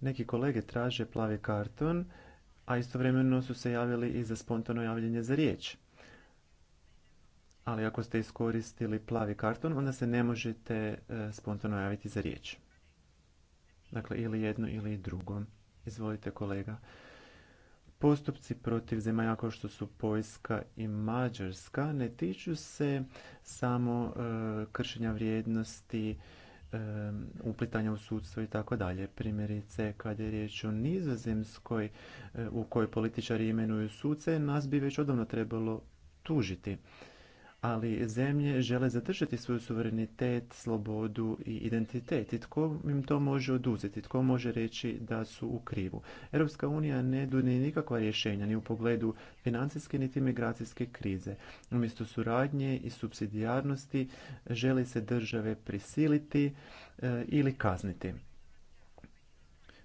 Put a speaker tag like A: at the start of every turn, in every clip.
A: Neki kolege traže plavi karton, a istovremeno su se javili i za spontano javljanje za riječ. Ali ako ste iskoristili plavi karton, onda se ne možete e, spontano javiti za riječ. Dakle, ili jedno ili drugo. Izvolite kolega. Postupci protiv zemalja kao što su Poljska i Mađarska ne tiču se samo e, kršenja vrijednosti uplitanja u sudstvo i tako dalje. Primjerice, kad je riječ o nizozemskoj eh, u kojoj političari imenuju suce, nas bi već odavno trebalo tužiti ali zemlje žele zadržati svoj suverenitet, slobodu i identitet. I tko im to može oduzeti? Tko može reći da su u krivu? Europska unija ne nudi nikakva rješenja ni u pogledu financijske niti migracijske krize. Umjesto suradnje i subsidijarnosti želi se države prisiliti e, ili kazniti.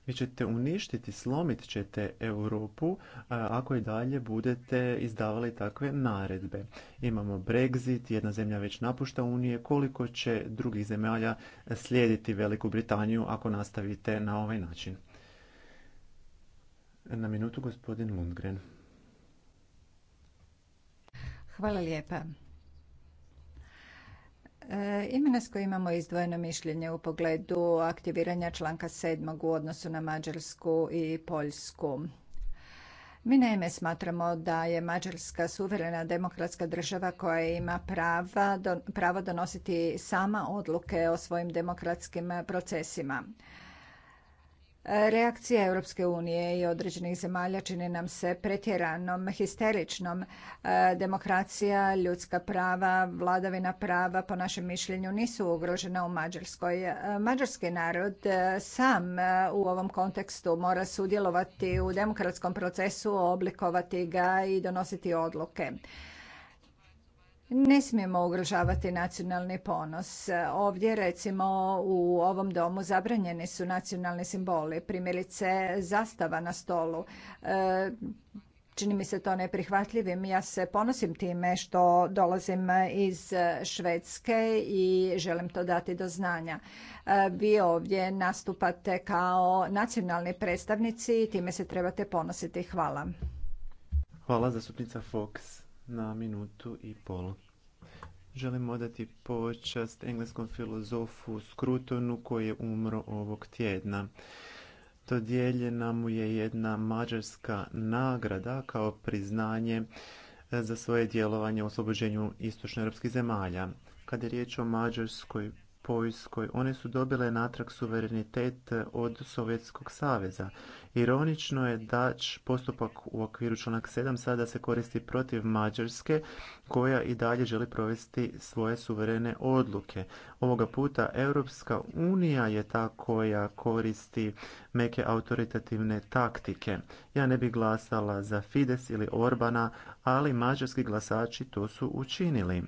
A: Vi ćete uništiti, slomit ćete Europu ako i dalje budete izdavali takve naredbe. Imamo Brexit, jedna zemlja već napušta Unije, koliko će drugih zemalja slijediti Veliku Britaniju ako nastavite na ovaj način? Na minutu gospodin Lundgren.
B: Hvala E, Imenesko imamo izdvojeno mišljenje u pogledu aktiviranja članka 7. u odnosu na Mađarsku i Poljsku. Mi naime smatramo da je Mađarska suverena demokratska država koja ima prava, pravo donositi sama odluke o svojim demokratskim procesima. Reakcija Europske unije i određenih zemalja čini nam se pretjeranom, histeričnom. E, demokracija, ljudska prava, vladavina prava po našem mišljenju nisu ugrožena u Mađarskoj. E, mađarski narod e, sam u ovom kontekstu mora sudjelovati u demokratskom procesu, oblikovati ga i donositi odluke ne smijemo ugrožavati nacionalni ponos. Ovdje recimo u ovom domu zabranjeni su nacionalni simboli, primjerice zastava na stolu. E, čini mi se to neprihvatljivim. Ja se ponosim time što dolazim iz Švedske i želim to dati do znanja. E, vi ovdje nastupate kao nacionalni predstavnici i time se trebate ponositi. Hvala.
A: Hvala zastupnica Fox na minutu i pol. Želim odati počast engleskom filozofu Skrutonu koji je umro ovog tjedna. Dodijeljena mu je jedna mađarska nagrada kao priznanje za svoje djelovanje u oslobođenju istočnoeuropskih zemalja. Kada je riječ o Mađarskoj, Poljskoj, one su dobile natrag suverenitet od Sovjetskog saveza Ironično je da postupak u okviru članak 7 sada se koristi protiv Mađarske koja i dalje želi provesti svoje suverene odluke. Ovoga puta Europska unija je ta koja koristi meke autoritativne taktike. Ja ne bih glasala za Fides ili Orbana, ali mađarski glasači to su učinili.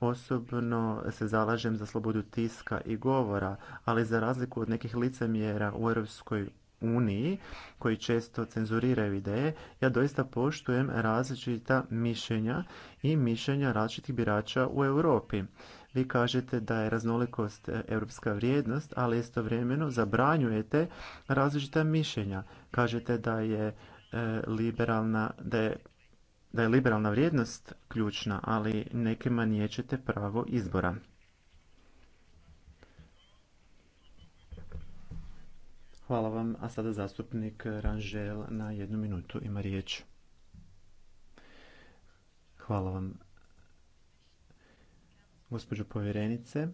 A: Osobno se zalažem za slobodu tiska i govora, ali za razliku od nekih licemjera u Europskoj uniji koji često cenzuriraju ideje, ja doista poštujem različita mišljenja i mišljenja različitih birača u Europi. Vi kažete da je raznolikost europska vrijednost, ali istovremeno zabranjujete različita mišljenja. Kažete da je e, liberalna, da je da je liberalna vrijednost ključna, ali nekima niječete pravo izbora. Hvala vam, a sada zastupnik Ranžel na jednu minutu ima riječ. Hvala vam, gospođo povjerenice,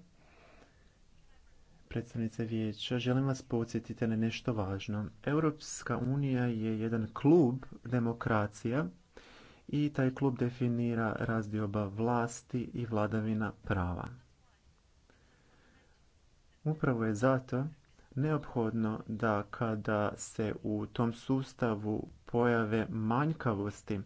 A: predstavnice vijeća. Želim vas podsjetiti na nešto važno. Europska unija je jedan klub demokracija i taj klub definira razdioba vlasti i vladavina prava. Upravo je zato neophodno da kada se u tom sustavu pojave manjkavosti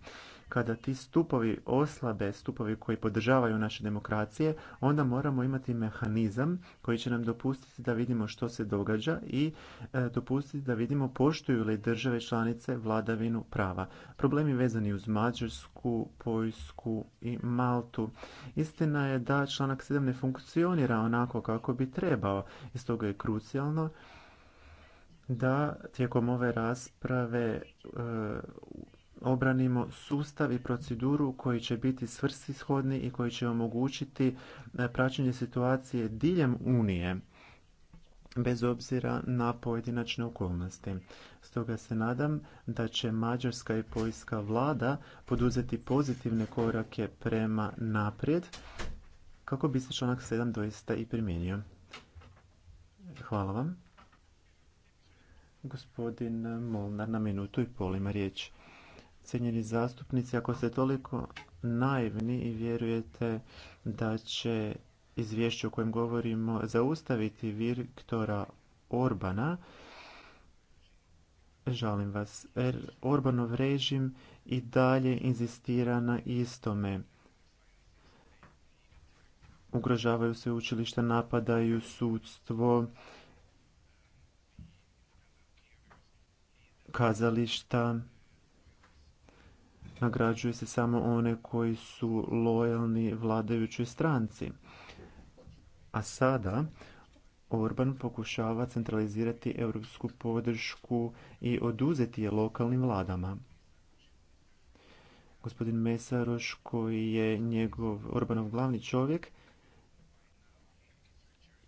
A: kada ti stupovi oslabe, stupovi koji podržavaju naše demokracije, onda moramo imati mehanizam koji će nam dopustiti da vidimo što se događa i e, dopustiti da vidimo poštuju li države članice vladavinu prava. Problemi vezani uz Mađarsku, Poljsku i Maltu. Istina je da članak 7 ne funkcionira onako kako bi trebao i stoga je krucijalno da tijekom ove rasprave e, obranimo sustav i proceduru koji će biti svrsishodni i koji će omogućiti e, praćenje situacije diljem Unije bez obzira na pojedinačne okolnosti. Stoga se nadam da će mađarska i poljska vlada poduzeti pozitivne korake prema naprijed kako bi se članak 7 doista i primijenio. Hvala vam. Gospodin Molnar na minutu i pol ima riječ cijenjeni zastupnici, ako ste toliko naivni i vjerujete da će izvješće o kojem govorimo zaustaviti Viktora Orbana, žalim vas, er, Orbanov režim i dalje inzistira na istome. Ugrožavaju se učilišta, napadaju sudstvo, kazališta nagrađuje se samo one koji su lojalni vladajućoj stranci. A sada Orban pokušava centralizirati europsku podršku i oduzeti je lokalnim vladama. Gospodin Mesaroš, koji je njegov Orbanov glavni čovjek,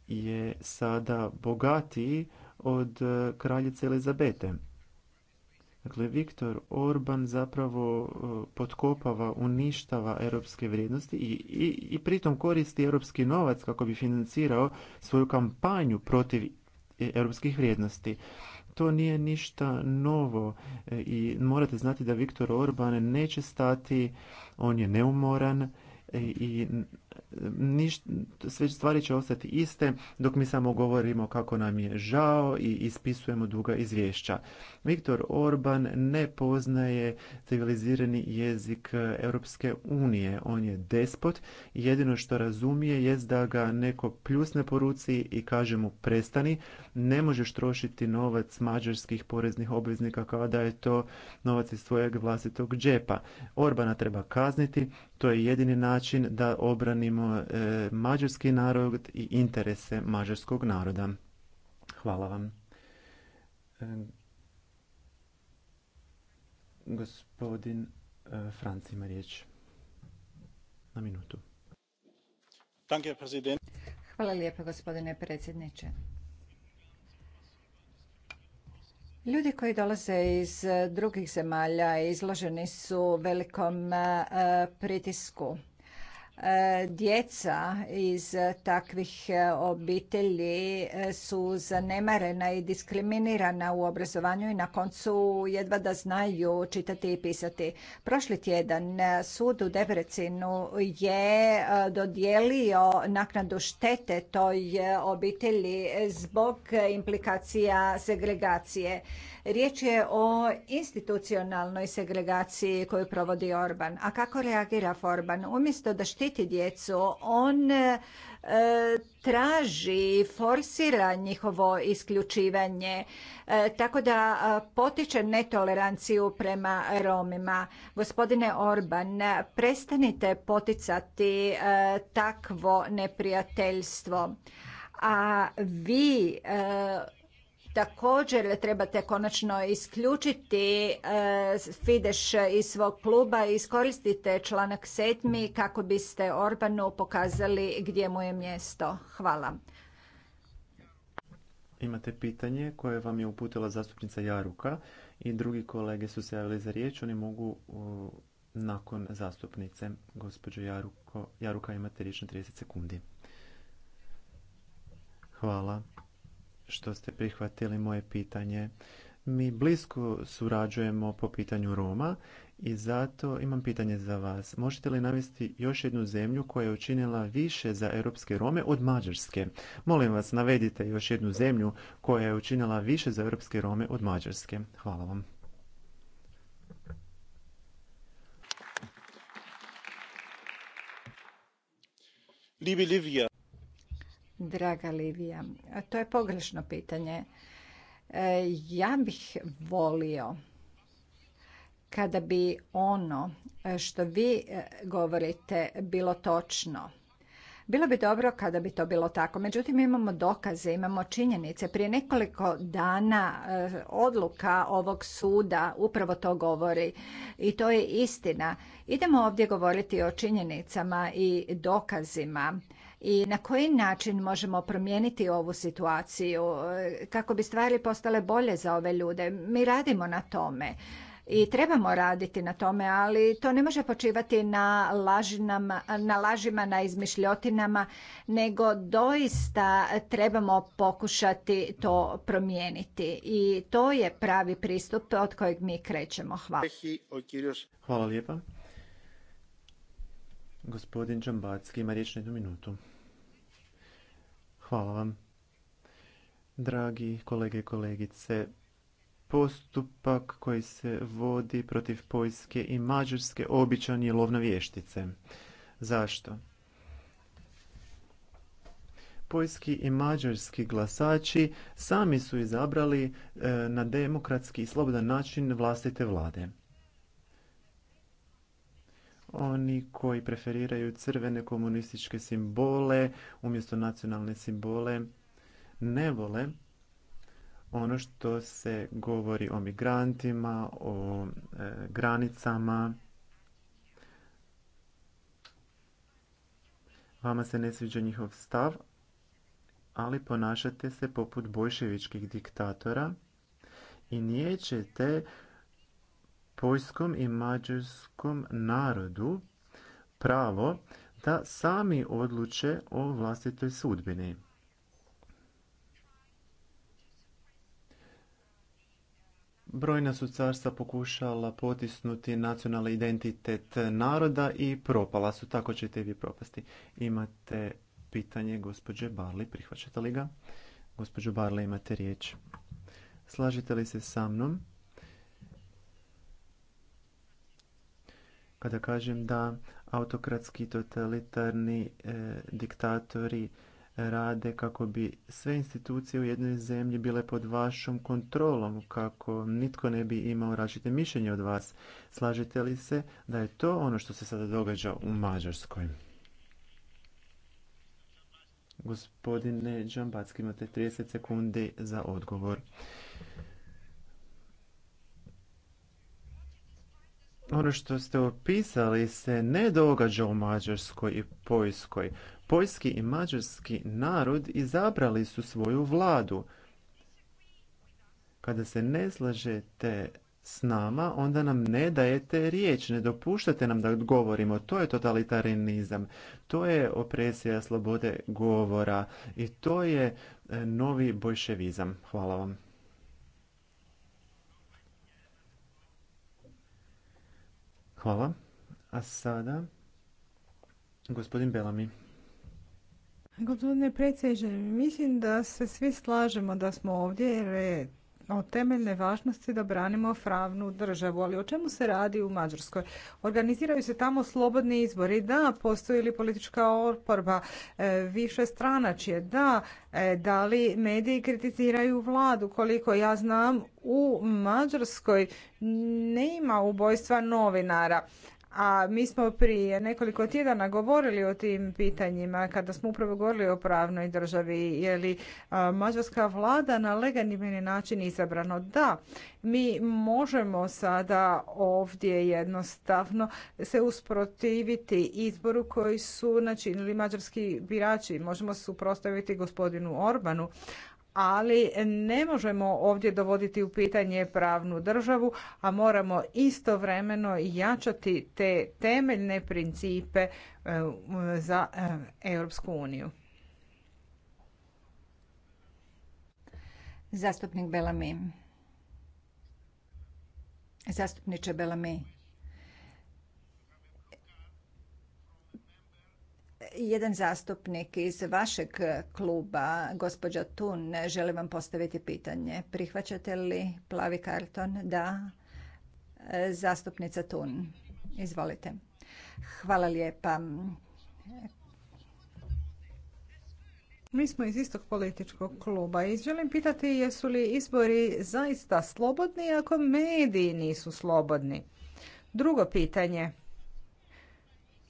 A: je sada bogatiji od eh, kraljice Elizabete. Dakle, Viktor Orban zapravo e, potkopava, uništava europske vrijednosti i, i, pritom koristi europski novac kako bi financirao svoju kampanju protiv e, europskih vrijednosti. To nije ništa novo e, i morate znati da Viktor Orban neće stati, on je neumoran i sve stvari će ostati iste dok mi samo govorimo kako nam je žao i ispisujemo duga izvješća. Viktor Orban ne poznaje civilizirani jezik Europske unije. On je despot. Jedino što razumije je da ga neko pljusne po ruci i kaže mu prestani. Ne možeš trošiti novac mađarskih poreznih obveznika kao da je to novac iz svojeg vlastitog džepa. Orbana treba kazniti, to je jedini način da obranimo e, mađarski narod i interese mađarskog naroda. Hvala vam. E, gospodin e, Franci ima riječ. Na minutu.
B: Hvala lijepa gospodine predsjedniče. Ljudi koji dolaze iz eh, drugih zemalja izloženi su velikom eh, pritisku E, djeca iz takvih e, obitelji e, su zanemarena i diskriminirana u obrazovanju i na koncu jedva da znaju čitati i pisati. Prošli tjedan sud u Debrecinu je dodijelio naknadu štete toj obitelji zbog implikacija segregacije. Riječ je o institucionalnoj segregaciji koju provodi Orban. A kako reagira Orban? Umjesto da štiti djecu, on e, traži, forsira njihovo isključivanje, e, tako da e, potiče netoleranciju prema Romima. Gospodine Orban, prestanite poticati e, takvo neprijateljstvo a vi Također trebate konačno isključiti e, Fidesz iz svog kluba i iskoristite članak 7. kako biste Orbanu pokazali gdje mu je mjesto. Hvala.
A: Imate pitanje koje vam je uputila zastupnica Jaruka i drugi kolege su se javili za riječ. Oni mogu nakon zastupnice. Gospođo Jaruka imate riječ na 30 sekundi. Hvala što ste prihvatili moje pitanje. Mi blisko surađujemo po pitanju Roma i zato imam pitanje za vas. Možete li navesti još jednu zemlju koja je učinila više za europske Rome od Mađarske? Molim vas, navedite još jednu zemlju koja je učinila više za europske Rome od Mađarske. Hvala vam. Livia,
B: Draga Livija, to je pogrešno pitanje. E, ja bih volio kada bi ono e, što vi e, govorite bilo točno. Bilo bi dobro kada bi to bilo tako. Međutim, imamo dokaze, imamo činjenice. Prije nekoliko dana odluka ovog suda upravo to govori i to je istina. Idemo ovdje govoriti o činjenicama i dokazima i na koji način možemo promijeniti ovu situaciju e, kako bi stvari postale bolje za ove ljude. Mi radimo na tome i trebamo raditi na tome, ali to ne može počivati na, lažinama, na lažima, na izmišljotinama, nego doista trebamo pokušati to promijeniti. I to je pravi pristup od kojeg mi krećemo. Hvala.
A: Hvala lijepa. Gospodin Džambacki ima riječ na jednu minutu. Hvala vam. Dragi kolege i kolegice, postupak koji se vodi protiv Poljske i Mađarske običan je lovna vještice. Zašto? Poljski i mađarski glasači sami su izabrali e, na demokratski i slobodan način vlastite vlade oni koji preferiraju crvene komunističke simbole umjesto nacionalne simbole ne vole ono što se govori o migrantima, o e, granicama. Vama se ne sviđa njihov stav, ali ponašate se poput bojševičkih diktatora i nijećete poljskom i mađarskom narodu pravo da sami odluče o vlastitoj sudbini. Brojna su carstva pokušala potisnuti nacionalni identitet naroda i propala su, tako ćete i vi propasti. Imate pitanje gospođe Barli, prihvaćate li ga? Gospođo Barli, imate riječ. Slažite li se sa mnom? da kažem da autokratski totalitarni e, diktatori rade kako bi sve institucije u jednoj zemlji bile pod vašom kontrolom, kako nitko ne bi imao različite mišljenje od vas. Slažete li se da je to ono što se sada događa u Mađarskoj? Gospodine Džambacki, imate 30 sekundi za odgovor. ono što ste opisali se ne događa u Mađarskoj i Poljskoj. Poljski i mađarski narod izabrali su svoju vladu. Kada se ne slažete s nama, onda nam ne dajete riječ, ne dopuštate nam da govorimo. To je totalitarinizam, to je opresija slobode govora i to je e, novi bolševizam. Hvala vam. Hvala. A sada gospodin Belami.
C: Gospodine predsjedniče, mislim da se svi slažemo da smo ovdje jer je od temeljne važnosti da branimo pravnu državu. Ali o čemu se radi u Mađarskoj? Organiziraju se tamo slobodni izbori. Da, postoji li politička oporba, e, više stranačje. Da, e, da li mediji kritiziraju vladu? Koliko ja znam, u Mađarskoj nema ubojstva novinara a mi smo prije nekoliko tjedana govorili o tim pitanjima kada smo upravo govorili o pravnoj državi je li mađarska vlada na legalni način izabrano da mi možemo sada ovdje jednostavno se usprotiviti izboru koji su načinili mađarski birači možemo se suprotstaviti gospodinu Orbanu ali ne možemo ovdje dovoditi u pitanje pravnu državu, a moramo istovremeno jačati te temeljne principe e, za e, Europsku uniju.
B: Zastupnik Belami. Zastupniče Belami, jedan zastupnik iz vašeg kluba, gospođa Tun, želi vam postaviti pitanje. Prihvaćate li plavi karton? Da. Zastupnica Tun, izvolite. Hvala lijepa. Mi smo iz istog
C: političkog kluba i želim pitati jesu li izbori zaista slobodni ako mediji nisu slobodni. Drugo pitanje.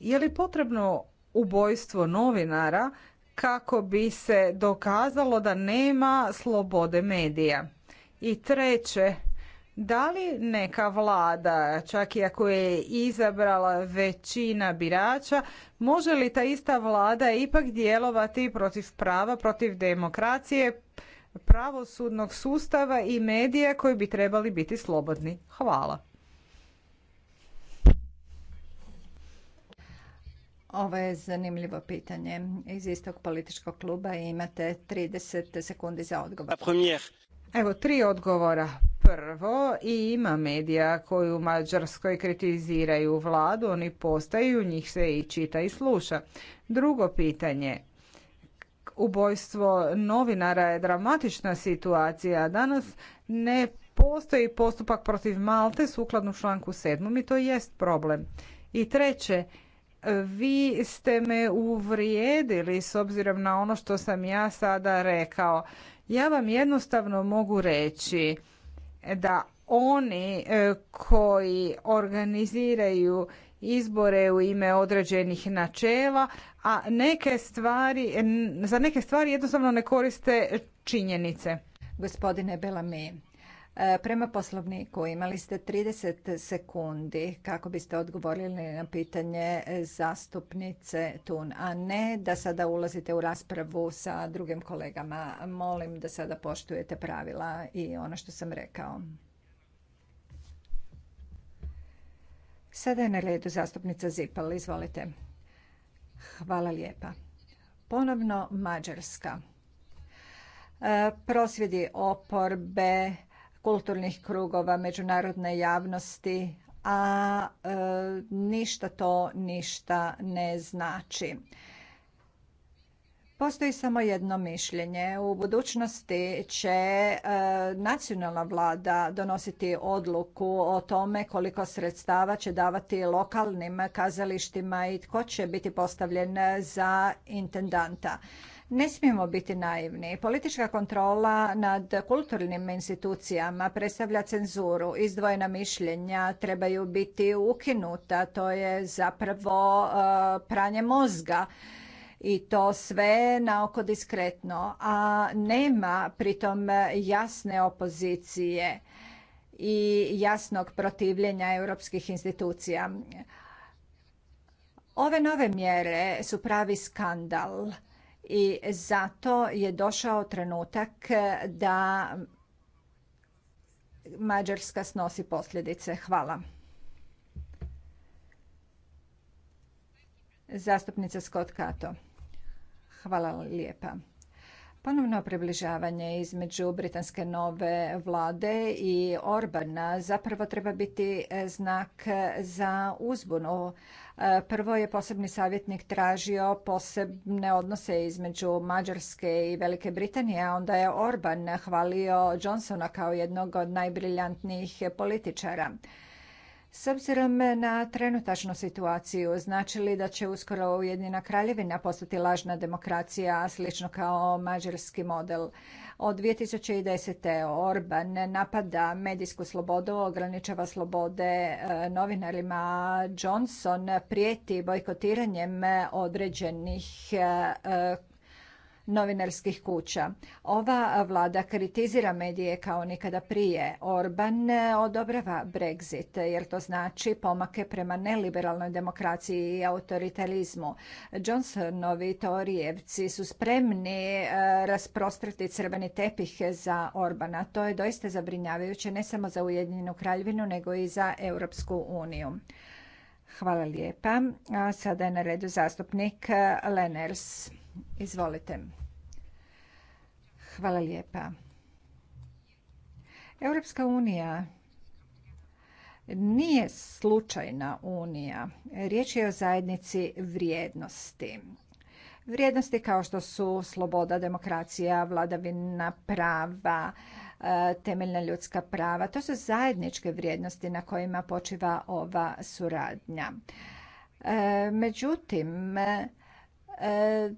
C: Je li potrebno ubojstvo novinara kako bi se dokazalo da nema slobode medija. I treće, da li neka vlada, čak i ako je izabrala većina birača, može li ta ista vlada ipak djelovati protiv prava, protiv demokracije, pravosudnog sustava i medija koji bi trebali biti slobodni?
B: Hvala. Ovo je zanimljivo pitanje. Iz istog političkog kluba imate 30 sekundi za odgovor. Evo, tri odgovora.
C: Prvo, i ima medija koji u Mađarskoj kritiziraju vladu, oni postaju, njih se i čita i sluša. Drugo pitanje, ubojstvo novinara je dramatična situacija. Danas ne postoji postupak protiv Malte sukladno članku 7. i to jest problem. I treće, vi ste me uvrijedili s obzirom na ono što sam ja sada rekao. Ja vam jednostavno mogu reći da oni e, koji organiziraju izbore u ime određenih načela, a neke stvari, za neke stvari jednostavno ne
B: koriste činjenice. Gospodine Belame, E, prema poslovniku imali ste 30 sekundi kako biste odgovorili na pitanje zastupnice Tun, a ne da sada ulazite u raspravu sa drugim kolegama. Molim da sada poštujete pravila i ono što sam rekao. Sada je na redu zastupnica Zipal, izvolite. Hvala lijepa. Ponovno Mađarska. E, prosvjedi oporbe, kulturnih krugova, međunarodne javnosti, a e, ništa to ništa ne znači. Postoji samo jedno mišljenje. U budućnosti će e, nacionalna vlada donositi odluku o tome koliko sredstava će davati lokalnim kazalištima i tko će biti postavljen za intendanta. Ne smijemo biti naivni. Politička kontrola nad kulturnim institucijama predstavlja cenzuru. Izdvojena mišljenja trebaju biti ukinuta. To je zapravo e, pranje mozga i to sve naoko diskretno, a nema pritom jasne opozicije i jasnog protivljenja europskih institucija. Ove nove mjere su pravi skandal i zato je došao trenutak da Mađarska snosi posljedice. Hvala. Zastupnica Scott Kato. Hvala lijepa. Ponovno približavanje između britanske nove vlade i Orbana zapravo treba biti e, znak e, za uzbunu. E, prvo je posebni savjetnik tražio posebne odnose između Mađarske i Velike Britanije, a onda je Orban hvalio Johnsona kao jednog od najbriljantnijih političara. S obzirom na trenutačnu situaciju, znači li da će uskoro Ujedinjena kraljevina postati lažna demokracija, slično kao mađarski model? Od 2010. Orban napada medijsku slobodu, ograničava slobode e, novinarima. Johnson prijeti bojkotiranjem određenih e, novinarskih kuća. Ova vlada kritizira medije kao nikada prije. Orban eh, odobrava Brexit jer to znači pomake prema neliberalnoj demokraciji i autoritarizmu. Johnsonovi Torijevci su spremni eh, rasprostrati crveni tepih za Orbana. To je doista zabrinjavajuće ne samo za Ujedinjenu kraljevinu nego i za Europsku uniju. Hvala lijepa. sada je na redu zastupnik eh, Leners. Izvolite. Hvala lijepa. Europska unija nije slučajna unija. Riječ je o zajednici vrijednosti. Vrijednosti kao što su sloboda, demokracija, vladavina prava, e, temeljna ljudska prava. To su zajedničke vrijednosti na kojima počiva ova suradnja. E, međutim, E,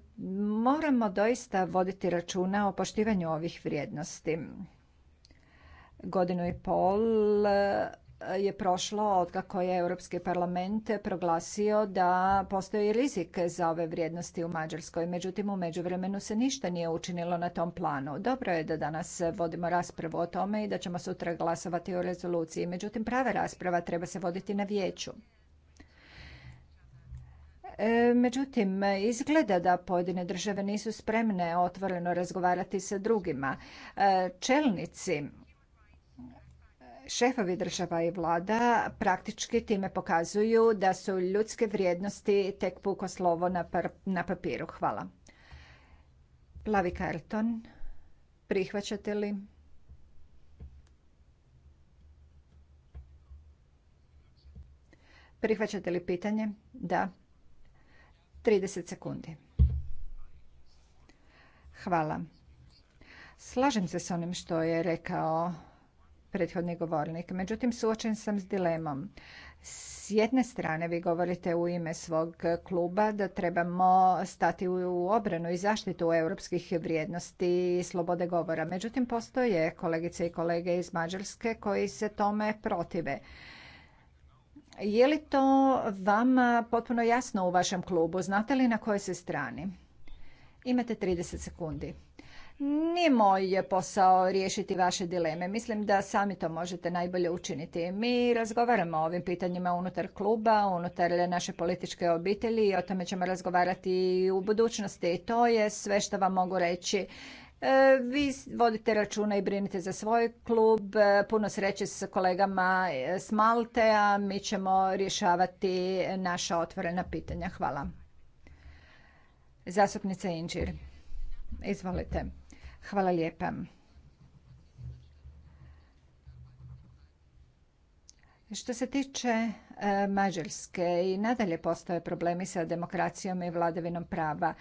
B: moramo doista voditi računa o poštivanju ovih vrijednosti. Godinu i pol e, je prošlo od kako je Europski parlament proglasio da postoji rizik za ove vrijednosti u Mađarskoj. Međutim, u međuvremenu se ništa nije učinilo na tom planu. Dobro je da danas vodimo raspravu o tome i da ćemo sutra glasovati o rezoluciji. Međutim, prava rasprava treba se voditi na vijeću. E, međutim, izgleda da pojedine države nisu spremne otvoreno razgovarati sa drugima. E, čelnici šefovi država i vlada praktički time pokazuju da su ljudske vrijednosti tek puko slovo na, na papiru. Hvala. Plavi karton. Prihvaćate li? Prihvaćate li pitanje? Da. 30 sekundi. Hvala. Slažem se s onim što je rekao prethodni govornik. Međutim, suočen sam s dilemom. S jedne strane vi govorite u ime svog kluba da trebamo stati u obranu i zaštitu europskih vrijednosti i slobode govora. Međutim, postoje kolegice i kolege iz Mađarske koji se tome protive. Je li to vama eh, potpuno jasno u vašem klubu? Znate li na kojoj se strani? Imate 30 sekundi. Nije moj posao riješiti vaše dileme. Mislim da sami to možete najbolje učiniti. Mi razgovaramo o ovim pitanjima unutar kluba, unutar naše političke obitelji i o tome ćemo razgovarati i u budućnosti. To je sve što vam mogu reći. E, vi vodite računa i brinite za svoj klub. E, puno sreće s kolegama e, s Malte, a mi ćemo rješavati naša otvorena pitanja. Hvala. Zastupnica Inđir, izvolite. Hvala lijepa. Što se tiče Mađarske i nadalje postoje problemi sa demokracijom i vladavinom prava.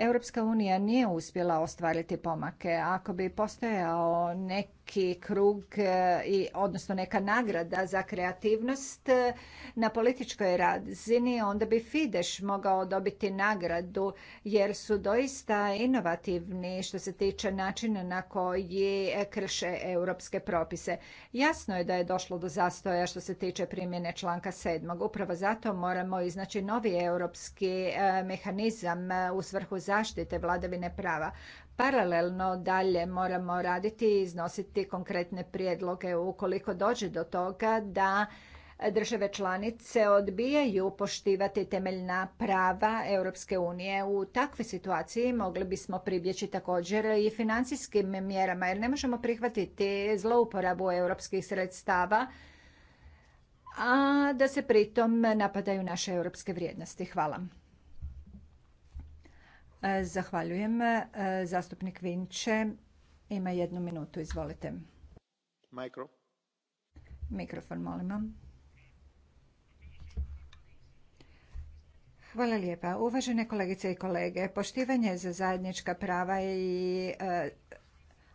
B: Europska unija nije uspjela ostvariti pomake. Ako bi postojao neki krug, eh, odnosno neka nagrada za kreativnost eh, na političkoj razini, onda bi Fidesz mogao dobiti nagradu jer su doista inovativni što se tiče načina na koji eh, krše europske propise. Jasno je da je došlo do zastoja što se tiče primjene članka 7. Upravo zato moramo iznaći novi europski mehanizam u svrhu zaštite vladavine prava. Paralelno dalje moramo raditi i iznositi konkretne prijedloge ukoliko dođe do toga da države članice odbijaju poštivati temeljna prava Europske unije. U takvoj situaciji mogli bismo pribjeći također i financijskim mjerama jer ne možemo prihvatiti zlouporabu europskih sredstava a da se pritom napadaju naše europske vrijednosti. Hvala. E, zahvaljujem. E, zastupnik Vinče ima jednu minutu, izvolite. Mikro. Mikrofon, Hvala lijepa. Uvažene kolegice i kolege, poštivanje za zajednička prava i e,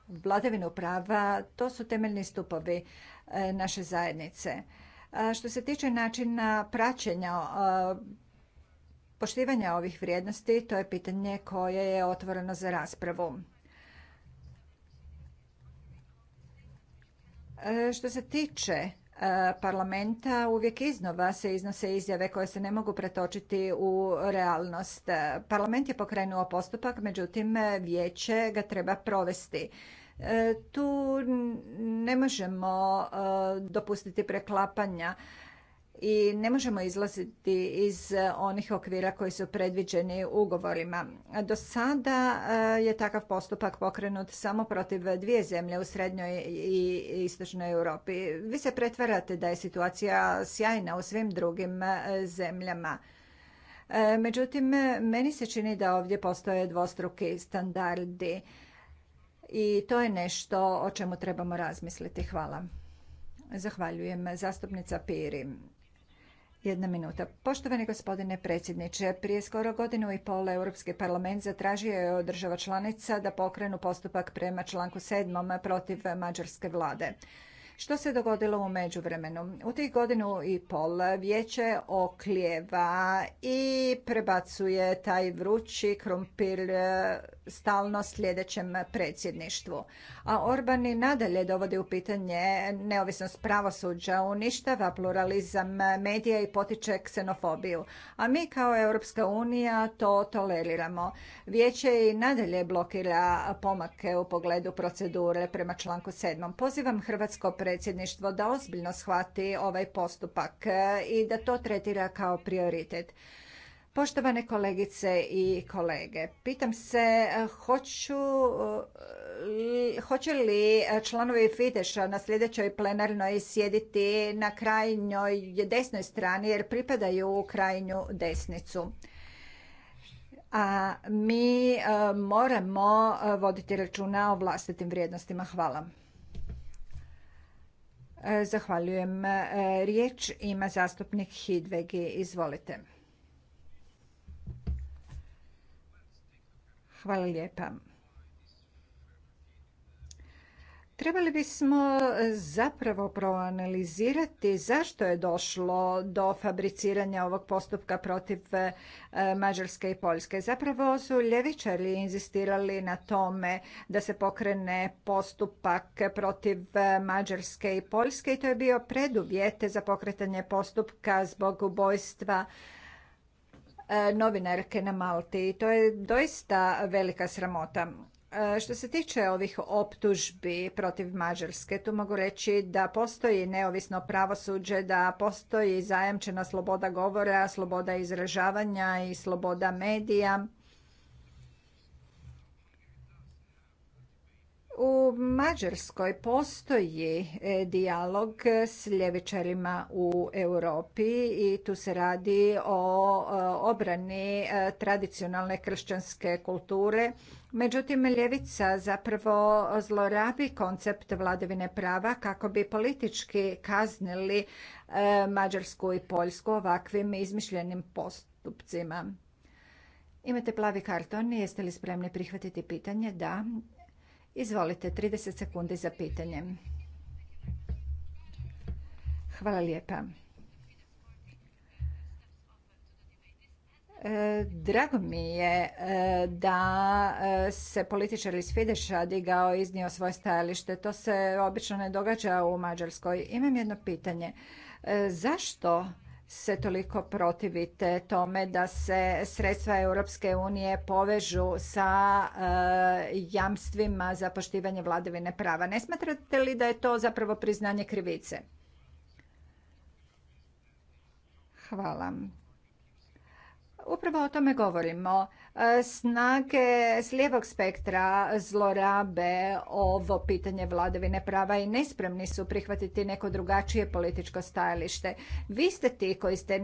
B: vladavinu prava, to su temeljni stupovi naše zajednice. Što se tiče načina praćenja poštivanja ovih vrijednosti to je pitanje koje je otvoreno za raspravu. E, što se tiče e, parlamenta uvijek iznova se iznose izjave koje se ne mogu pretočiti u realnost. E, parlament je pokrenuo postupak, međutim vijeće ga treba provesti. Tu ne možemo dopustiti preklapanja i ne možemo izlaziti iz eh, onih okvira koji su predviđeni ugovorima. Do sada eh, je takav postupak pokrenut samo protiv dvije zemlje u srednjoj i istočnoj Europi. Vi se pretvarate da je situacija sjajna u svim drugim eh, zemljama. Međutim, meni se čini da ovdje postoje dvostruki standardi i to je nešto o čemu trebamo razmisliti. Hvala. Zahvaljujem. Zastupnica Piri. Jedna minuta. Poštovani gospodine predsjedniče, prije skoro godinu i pol Europski parlament zatražio je od država članica da pokrenu postupak prema članku 7. protiv mađarske vlade. Što se dogodilo u međuvremenu? U tih godinu i pol vijeće oklijeva i prebacuje taj vrući krumpir stalno sljedećem predsjedništvu. A Orban i nadalje dovodi u pitanje neovisnost pravosuđa, uništava pluralizam medija i potiče ksenofobiju. A mi kao Europska unija to toleriramo. Vijeće i nadalje blokira pomake u pogledu procedure prema članku 7. Pozivam Hrvatsko predsjedništvo da ozbiljno shvati ovaj postupak i da to tretira kao prioritet. Poštovane kolegice i kolege, pitam se eh, hoću, eh, hoće li članovi Fideša na sljedećoj plenarnoj sjediti na krajnjoj desnoj strani jer pripadaju u krajnju desnicu. A mi eh, moramo voditi računa o vlastitim vrijednostima. Hvala. Zahvaljujem. Riječ ima zastupnik Hidvegi. Izvolite. Hvala lijepa. Trebali bismo zapravo proanalizirati zašto je došlo do fabriciranja ovog postupka protiv e, Mađarske i Poljske. Zapravo su ljevičari inzistirali na tome da se pokrene postupak protiv e, Mađarske i Poljske i to je bio preduvjet za pokretanje postupka zbog ubojstva E, novinarke na Malti i to je doista velika sramota. E, što se tiče ovih optužbi protiv Mađarske, tu mogu reći da postoji neovisno pravosuđe, da postoji zajamčena sloboda govora, sloboda izražavanja i sloboda medija. U Mađarskoj postoji e, dijalog s ljevičarima u Europi i tu se radi o e, obrani e, tradicionalne kršćanske kulture. Međutim, ljevica zapravo zlorabi koncept vladavine prava kako bi politički kaznili Mađarsku i Poljsku ovakvim izmišljenim postupcima. Imate plavi karton, jeste li spremni prihvatiti pitanje? Da, Izvolite, 30 sekundi za pitanje. Hvala lijepa. E, drago mi je e, da e, se političar iz Fideša digao i iznio svoje stajalište. To se obično ne događa u Mađarskoj. Imam jedno pitanje. Zašto se toliko protivite tome da se sredstva Europske unije povežu sa e, jamstvima za poštivanje vladavine prava. Ne smatrate li da je to zapravo priznanje krivice? Hvala. Upravo o tome govorimo. E, snage s lijevog spektra zlorabe ovo pitanje vladavine prava i nespremni su prihvatiti neko drugačije političko stajalište. Vi ste ti koji ste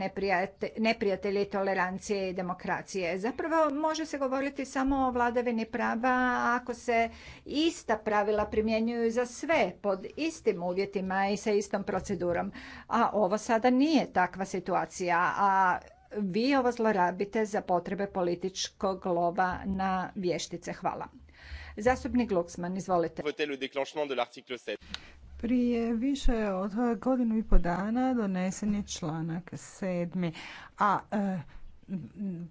B: neprijatelji tolerancije i demokracije. Zapravo može se govoriti samo o vladavini prava ako se ista pravila primjenjuju za sve pod istim uvjetima i sa istom procedurom. A ovo sada nije takva situacija. A vi ovo zlorabite za potrebe političkog lova na vještice. Hvala. Zastupnik luksman izvolite. Prije više od godinu
C: i po dana donesen je članak sedmi, a e,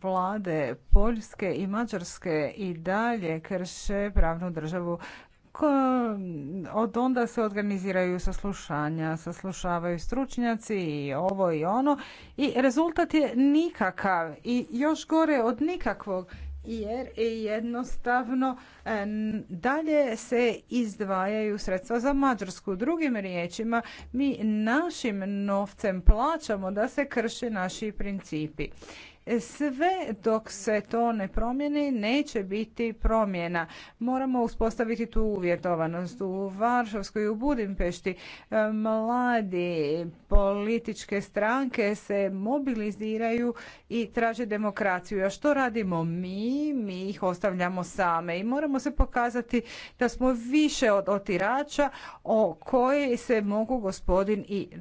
C: vlade Poljske i Mađarske i dalje krše pravnu državu Mm, od onda se organiziraju saslušanja, saslušavaju stručnjaci i ovo i ono i rezultat je nikakav i još gore od nikakvog jer jednostavno e, dalje se izdvajaju sredstva za Mađarsku. Drugim riječima, mi našim novcem plaćamo da se krše naši principi sve dok se to ne promijeni neće biti promjena. Moramo uspostaviti tu uvjetovanost u Varšavskoj i u Budimpešti. E, mladi političke stranke se mobiliziraju i traže demokraciju. A što radimo mi? Mi ih ostavljamo same i moramo se pokazati da smo više od otirača o koji se mogu gospodin i e,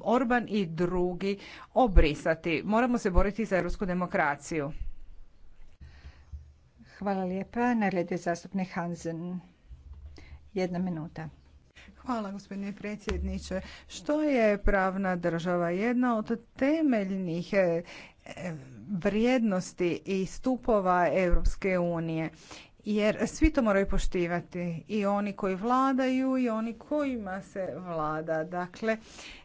C: Orban i drugi obrisati. Moramo se boriti i za europsku demokraciju.
B: Hvala lijepa. Na redu je zastupnik Hansen. Jedna minuta. Hvala gospodine predsjedniče.
C: Što je pravna država? Jedna od temeljnih e, vrijednosti i stupova Europske unije. Jer svi to moraju poštivati. I oni koji vladaju i oni kojima se vlada. Dakle,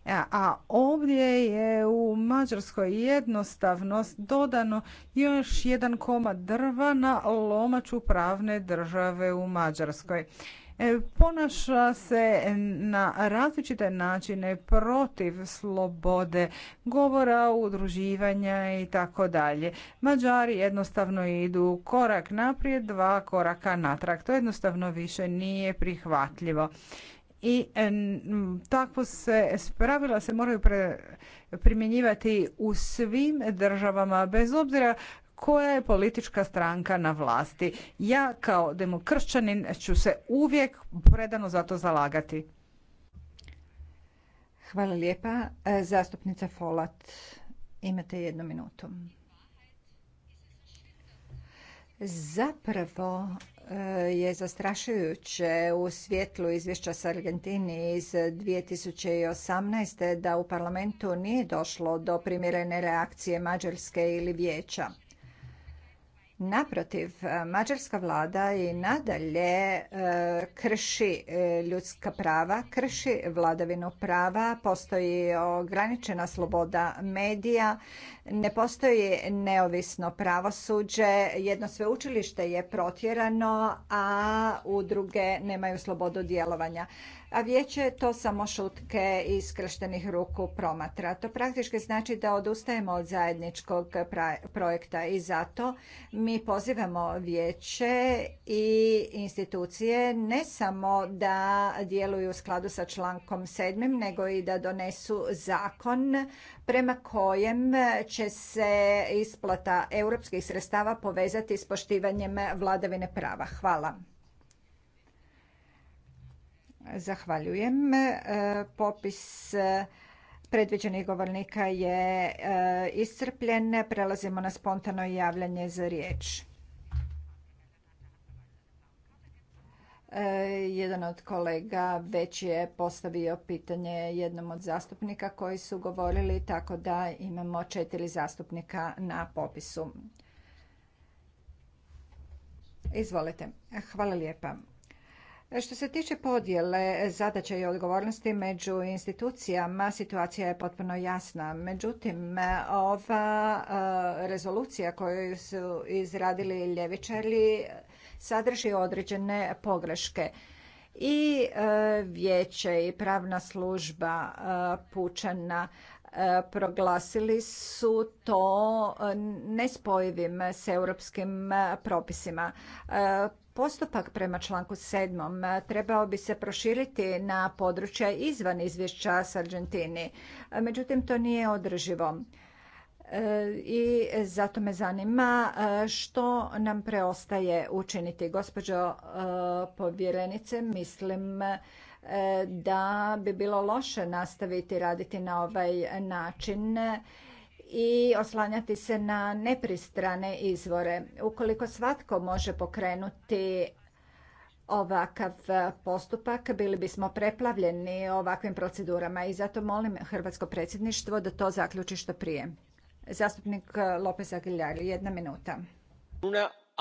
C: E, a ovdje je u Mađarskoj jednostavnost dodano još jedan komad drva na lomaču pravne države u Mađarskoj. E, ponaša se na različite načine protiv slobode govora, udruživanja i tako dalje. Mađari jednostavno idu korak naprijed, dva koraka natrag. To jednostavno više nije prihvatljivo i takvo se pravila se moraju primjenjivati u svim državama bez obzira koja je politička stranka na vlasti. Ja kao demokršćanin ću se uvijek predano za to zalagati.
B: Hvala lijepa. E, zastupnica Folat, imate jednu minutu. Zapravo Eh, je zastrašujuće u svjetlu izvješća s Argentini iz 2018. da u parlamentu nije došlo do primjerene reakcije Mađarske ili vijeća. Naprotiv, e, mađarska vlada i nadalje e, krši e, ljudska prava, krši vladavinu prava, postoji ograničena sloboda medija, ne postoji neovisno pravosuđe, jedno sveučilište je protjerano, a udruge nemaju slobodu djelovanja a vijeće to samo šutke i skrštenih ruku promatra. To praktički znači da odustajemo od zajedničkog projekta i zato mi pozivamo vijeće i institucije ne samo da djeluju u skladu sa člankom 7. nego i da donesu zakon prema kojem će se isplata europskih sredstava povezati s poštivanjem vladavine prava. Hvala. Zahvaljujem. E, popis e, predviđenih govornika je e, iscrpljen. Prelazimo na spontano javljanje za riječ. Jedan od kolega već je postavio pitanje jednom od zastupnika koji su govorili, tako da imamo četiri zastupnika na popisu. Izvolite. Hvala lijepa. Što se tiče podjele zadaća i odgovornosti među institucijama, situacija je potpuno jasna. Međutim, ova e, rezolucija koju su izradili ljevičari sadrži određene pogreške. I e, vijeće i pravna služba e, pučana proglasili su to nespojivim s europskim propisima. Postupak prema članku 7. Eh, trebao bi se proširiti na područja izvan izvješća s Argentini. Eh, međutim, to nije održivo. Eh, I zato me zanima što nam preostaje učiniti. Gospođo povjerenice, mislim da bi bilo loše nastaviti raditi na ovaj način i oslanjati se na nepristrane izvore. Ukoliko svatko može pokrenuti ovakav postupak, bili bismo preplavljeni ovakvim procedurama i zato molim Hrvatsko predsjedništvo da to zaključi što prije. Zastupnik Lopez Aguilar, jedna minuta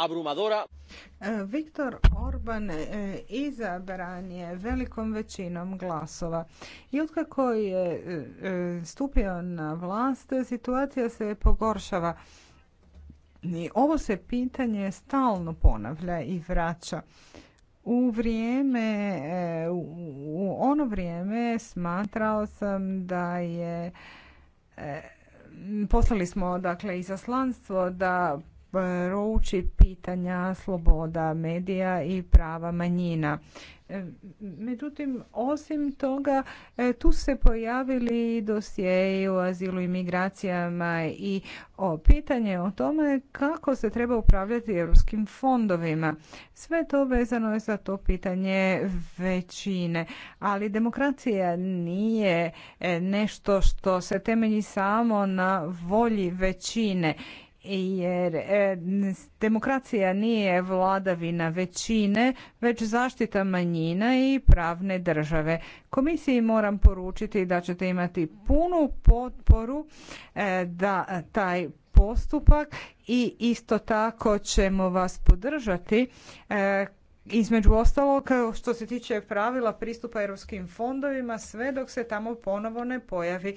B: abrumadora. E, Viktor Orban
C: e, izabran je velikom većinom glasova. I otkako je e, stupio na vlast, situacija se pogoršava. I ovo se pitanje stalno ponavlja i vraća. U vrijeme, u ono vrijeme smatrao sam da je poslali smo dakle izaslanstvo da prouči pitanja sloboda medija i prava manjina. E, međutim, osim toga, e, tu se pojavili dosjeji o azilu i migracijama i o pitanje o tome kako se treba upravljati europskim fondovima. Sve to vezano je za to pitanje većine. Ali demokracija nije e, nešto što se temelji samo na volji većine jer e, demokracija nije vladavina većine, već zaštita manjina i pravne države. Komisiji moram poručiti da ćete imati punu potporu e, da taj postupak i isto tako ćemo vas podržati e, između ostalog što se tiče pravila pristupa europskim fondovima sve dok se tamo ponovo ne pojavi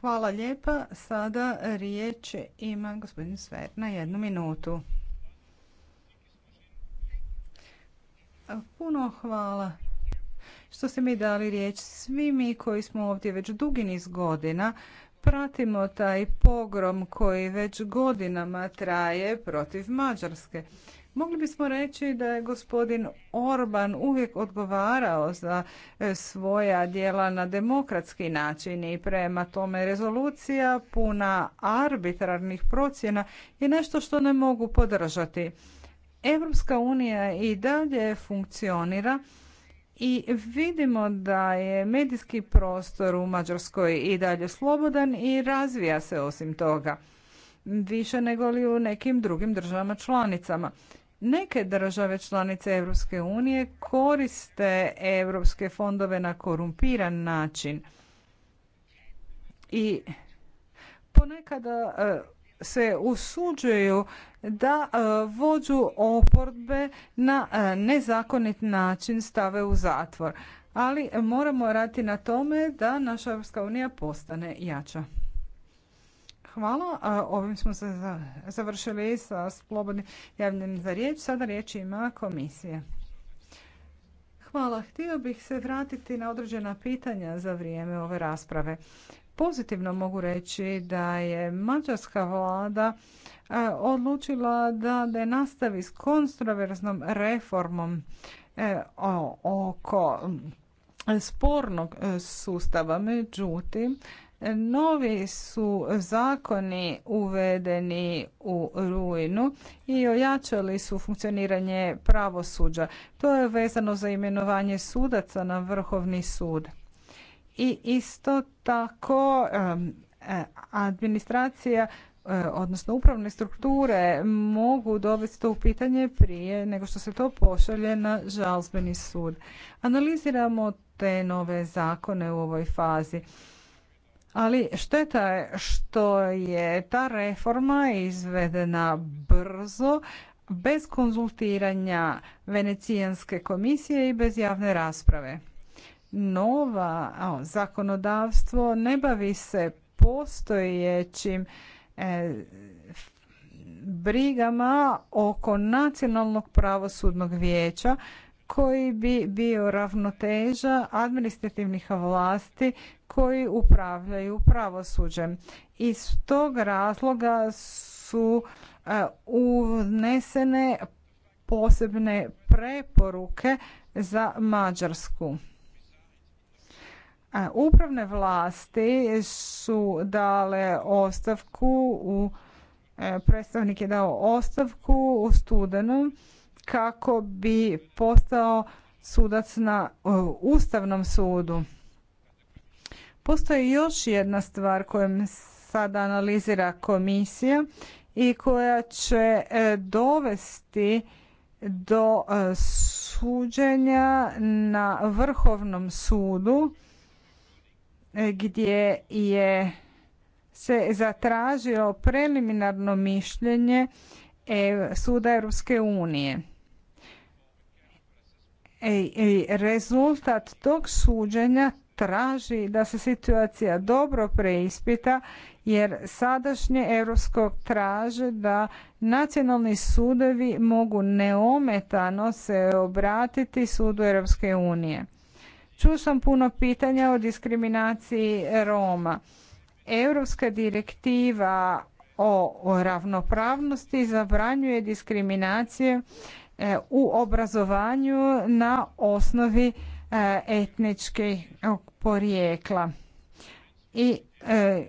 C: Hvala lijepa. Sada riječ ima gospodin Sver na jednu minutu. Puno hvala što ste mi dali riječ. Svi mi koji smo ovdje već dugi niz godina pratimo taj pogrom koji već godinama traje protiv Mađarske. Mogli bismo reći da je gospodin Orban uvijek odgovarao za e, svoja djela na demokratski način i prema tome rezolucija puna arbitrarnih procjena je nešto što ne mogu podržati. Europska unija i dalje funkcionira i vidimo da je medijski prostor u Mađarskoj i dalje slobodan i razvija se osim toga više nego li u nekim drugim državama članicama. Neke države članice Europske unije koriste europske fondove na korumpiran način i ponekada e, se usuđuju da e, vođu oporbe na e, nezakonit način stave u zatvor. Ali moramo raditi na tome da naša Europska unija postane jača. Hvala. Ovim smo se završili sa slobodnim javnim za riječ. Sada riječ ima komisije. Hvala. Htio bih se vratiti na određena pitanja za vrijeme ove rasprave. Pozitivno mogu reći da je mađarska vlada odlučila da ne nastavi s kontroverznom reformom e, oko spornog sustava. Međutim, Novi su zakoni uvedeni u rujnu i ojačali su funkcioniranje pravosuđa. To je vezano za imenovanje sudaca na Vrhovni sud. I isto tako e, administracija e, odnosno upravne strukture mogu dovesti to u pitanje prije nego što se to pošalje na žalbeni sud. Analiziramo te nove zakone u ovoj fazi. Ali šteta je što je ta reforma izvedena brzo, bez konzultiranja Venecijanske komisije i bez javne rasprave. Nova a zakonodavstvo ne bavi se postojećim e, brigama oko nacionalnog pravosudnog vijeća koji bi bio ravnoteža administrativnih vlasti koji upravljaju pravosuđem. Iz tog razloga su e, unesene posebne preporuke za Mađarsku. E, upravne vlasti su dale ostavku u e, predstavnik je dao ostavku u studenom kako bi postao sudac na e, Ustavnom sudu. Postoji još jedna stvar kojom sada analizira komisija i koja će e, dovesti do e, suđenja na Vrhovnom sudu gdje je se zatražilo preliminarno mišljenje suda Europske unije i rezultat tog suđenja traži da se situacija dobro preispita jer sadašnje europsko traže da nacionalni sudovi mogu neometano se obratiti sudu Europske unije. Čuo sam puno pitanja o diskriminaciji Roma. Europska direktiva o ravnopravnosti zabranjuje diskriminacije E, u obrazovanju na osnovi e, etničke e, porijekla. I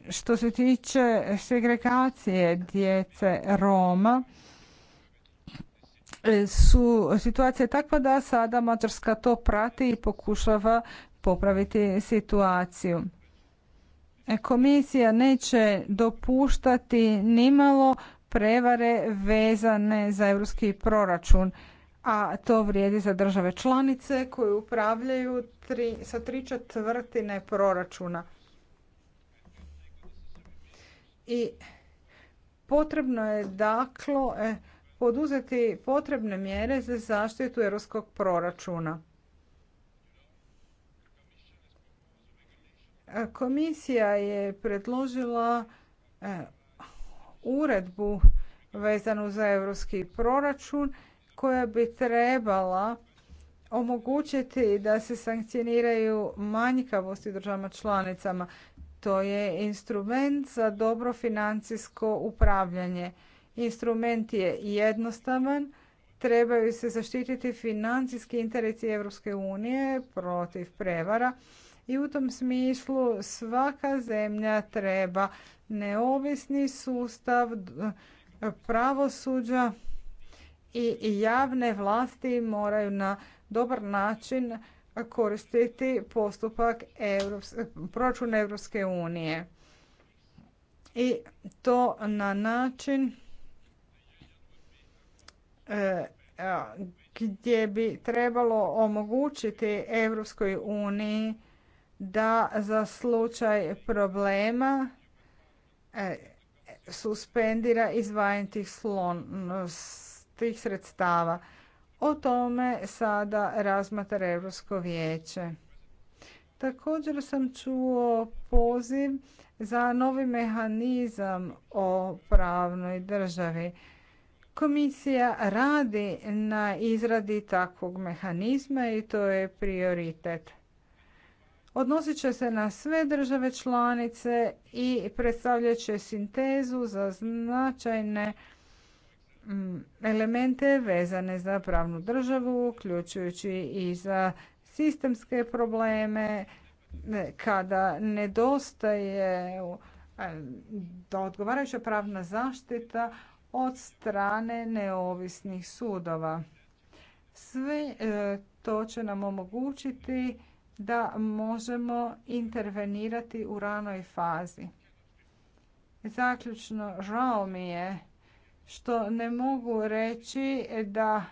C: što se tiče segregacije djece Roma, su situacija je takva da sada Mađarska to prati i pokušava popraviti situaciju. Komisija neće dopuštati nimalo prevare vezane za europski proračun a to vrijedi za države članice koje upravljaju tri, sa tri četvrtine proračuna. I potrebno je dakle poduzeti potrebne mjere za zaštitu europskog proračuna. Komisija je predložila e, uredbu vezanu za europski proračun koja bi trebala omogućiti da se sankcioniraju manjkavosti državama članicama. To je instrument za dobro financijsko upravljanje. Instrument je jednostavan, trebaju se zaštititi financijski interesi Europske unije protiv prevara i u tom smislu svaka zemlja treba neovisni sustav pravosuđa i javne vlasti moraju na dobar način koristiti postupak proračuna Europske unije. I to na način e, gdje bi trebalo omogućiti Europskoj uniji da za slučaj problema e, suspendira izdvajanje tih, tih sredstava. O tome sada razmatra Europsko vijeće. Također sam čuo poziv za novi mehanizam o pravnoj državi. Komisija radi na izradi takvog mehanizma i to je prioritet. Odnosit će se na sve države članice i predstavljat će sintezu za značajne mm, elemente vezane za pravnu državu, uključujući i za sistemske probleme kada nedostaje odgovarajuća pravna zaštita od strane neovisnih sudova. Sve e, to će nam omogućiti da možemo intervenirati u ranoj fazi. Zaključno, žao mi je što ne mogu reći da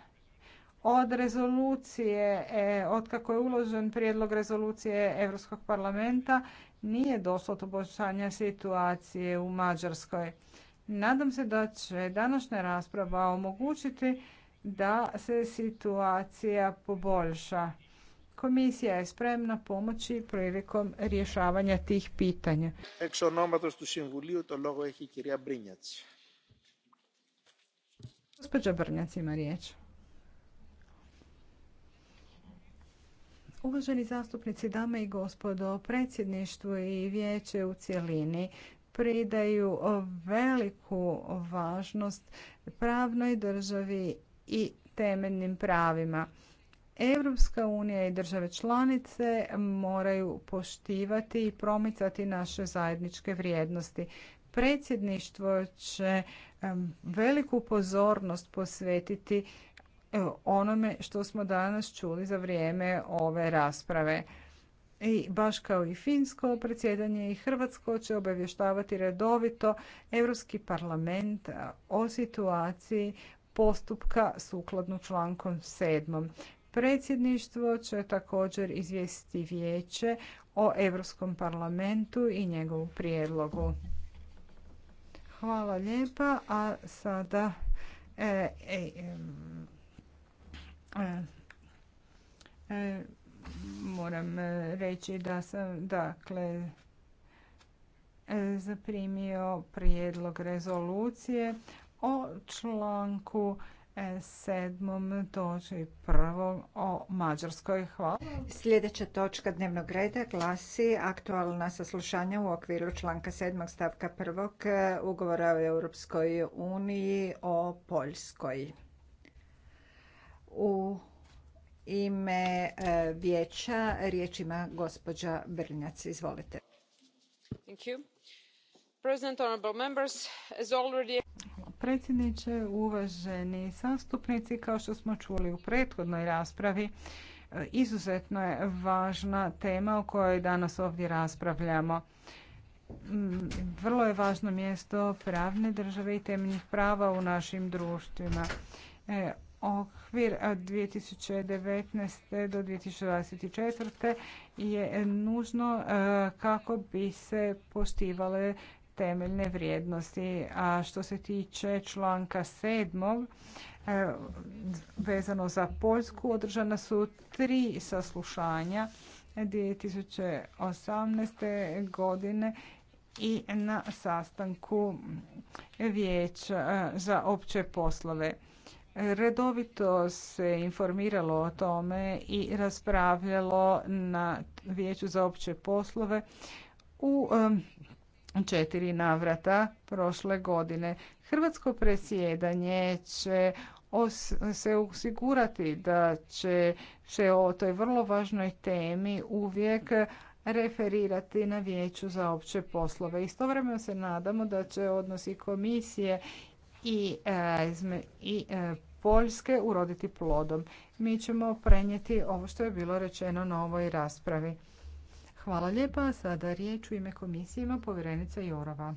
C: od rezolucije, e, od kako je uložen prijedlog rezolucije Europskog parlamenta, nije došlo do poboljšanja situacije u Mađarskoj. Nadam se da će današnja rasprava omogućiti da se situacija poboljša. Komisija je spremna pomoći prilikom
A: rješavanja
C: tih pitanja. Gospodža Brnjac ima riječ. Uvaženi zastupnici, dame i gospodo, predsjedništvo i vijeće u cjelini pridaju veliku važnost pravnoj državi i temeljnim pravima. Europska unija i države članice moraju poštivati i promicati naše zajedničke vrijednosti. Predsjedništvo će veliku pozornost posvetiti e, onome što smo danas čuli za vrijeme ove rasprave. I baš kao i finsko predsjedanje i Hrvatsko će obavještavati redovito Europski parlament e, o situaciji postupka sukladno člankom 7. Predsjedništvo će također izvijestiti vijeće o Europskom parlamentu i njegovu prijedlogu. Hvala lijepa, a sada e, e, e, moram reći da sam dakle zaprimio prijedlog rezolucije o članku E, sedmom toči prvom
B: o Mađarskoj. Hvala. Sljedeća točka dnevnog reda glasi aktualna saslušanja u okviru članka sedmog stavka prvog e, ugovora o Europskoj uniji o Poljskoj. U ime e, vijeća riječ ima gospođa Brnjac. Izvolite.
C: Thank you. President, honorable predsjedniče, uvaženi zastupnici. Kao što smo čuli u prethodnoj raspravi, izuzetno je važna tema o kojoj danas ovdje raspravljamo. Vrlo je važno mjesto pravne države i temeljnih prava u našim društvima. E, okvir 2019. do 2024. je nužno e, kako bi se poštivale temeljne vrijednosti. A što se tiče članka sedmog, e, vezano za Poljsku, održana su tri saslušanja 2018. godine i na sastanku vijeća e, za opće poslove. Redovito se informiralo o tome i raspravljalo na vijeću za opće poslove u e, četiri navrata prošle godine. Hrvatsko presjedanje će se osigurati da će se o toj vrlo važnoj temi uvijek referirati na vijeću za opće poslove. Istovremeno se nadamo da će odnosi komisije i, e, i e, Poljske uroditi plodom. Mi ćemo prenijeti ovo što je bilo rečeno na ovoj raspravi. Hvala lijepa. Sada riječ u ime komisije ima povjerenica Jorova.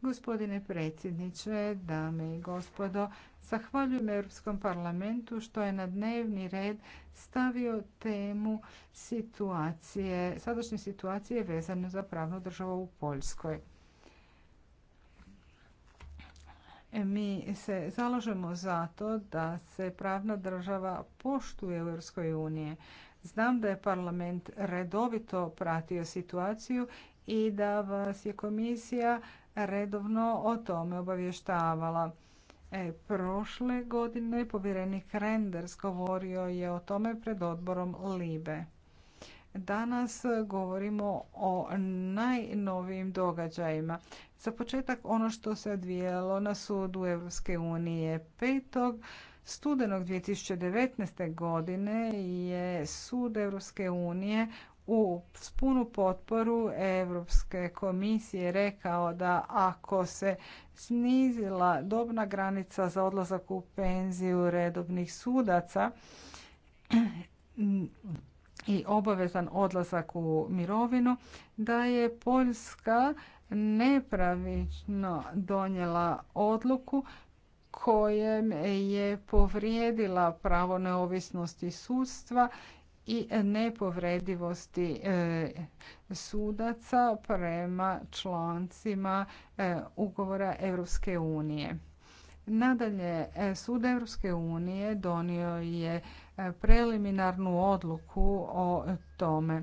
C: Gospodine predsjedniče, dame i gospodo, zahvaljujem Europskom parlamentu što je na dnevni red stavio temu situacije, sadašnje situacije vezano za pravnu državu u Poljskoj. E, mi se zalažemo za to da se pravna država poštuje u Europskoj uniji. Znam da je parlament redovito pratio situaciju i da vas je komisija redovno o tome obavještavala. E, prošle godine povjerenik Renders govorio je o tome pred odborom Libe. Danas govorimo o najnovijim događajima. Za početak ono što se odvijelo na sudu Europske unije 5 studenog 2019. godine je sud Europske unije u punu potporu Europske komisije rekao da ako se snizila dobna granica za odlazak u penziju redovnih sudaca i obavezan odlazak u mirovinu, da je Poljska nepravično donijela odluku kojem je povrijedila pravo neovisnosti sudstva i nepovredivosti e, sudaca prema člancima e, ugovora Europske unije. Nadalje, e, Sud Europske unije donio je preliminarnu odluku o tome.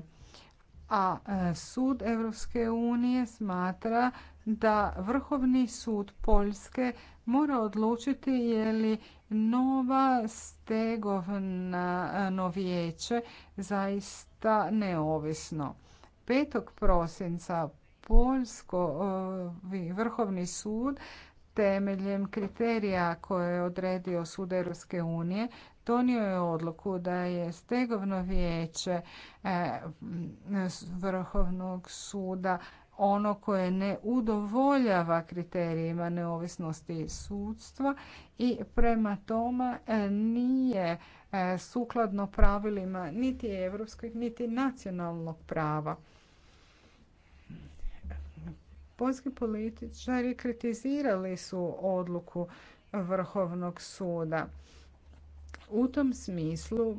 C: A Sud Europske unije smatra da Vrhovni sud Poljske mora odlučiti je li nova stegovna e, novijeće zaista neovisno. 5. prosinca Poljsko e, Vrhovni sud temeljem kriterija koje je odredio sud Europske unije donio je odluku da je stegovno vijeće e, Vrhovnog suda ono koje ne udovoljava kriterijima neovisnosti sudstva i prema tome nije e, sukladno pravilima niti europskog niti nacionalnog prava. Poljski političari kritizirali su odluku Vrhovnog suda. U tom smislu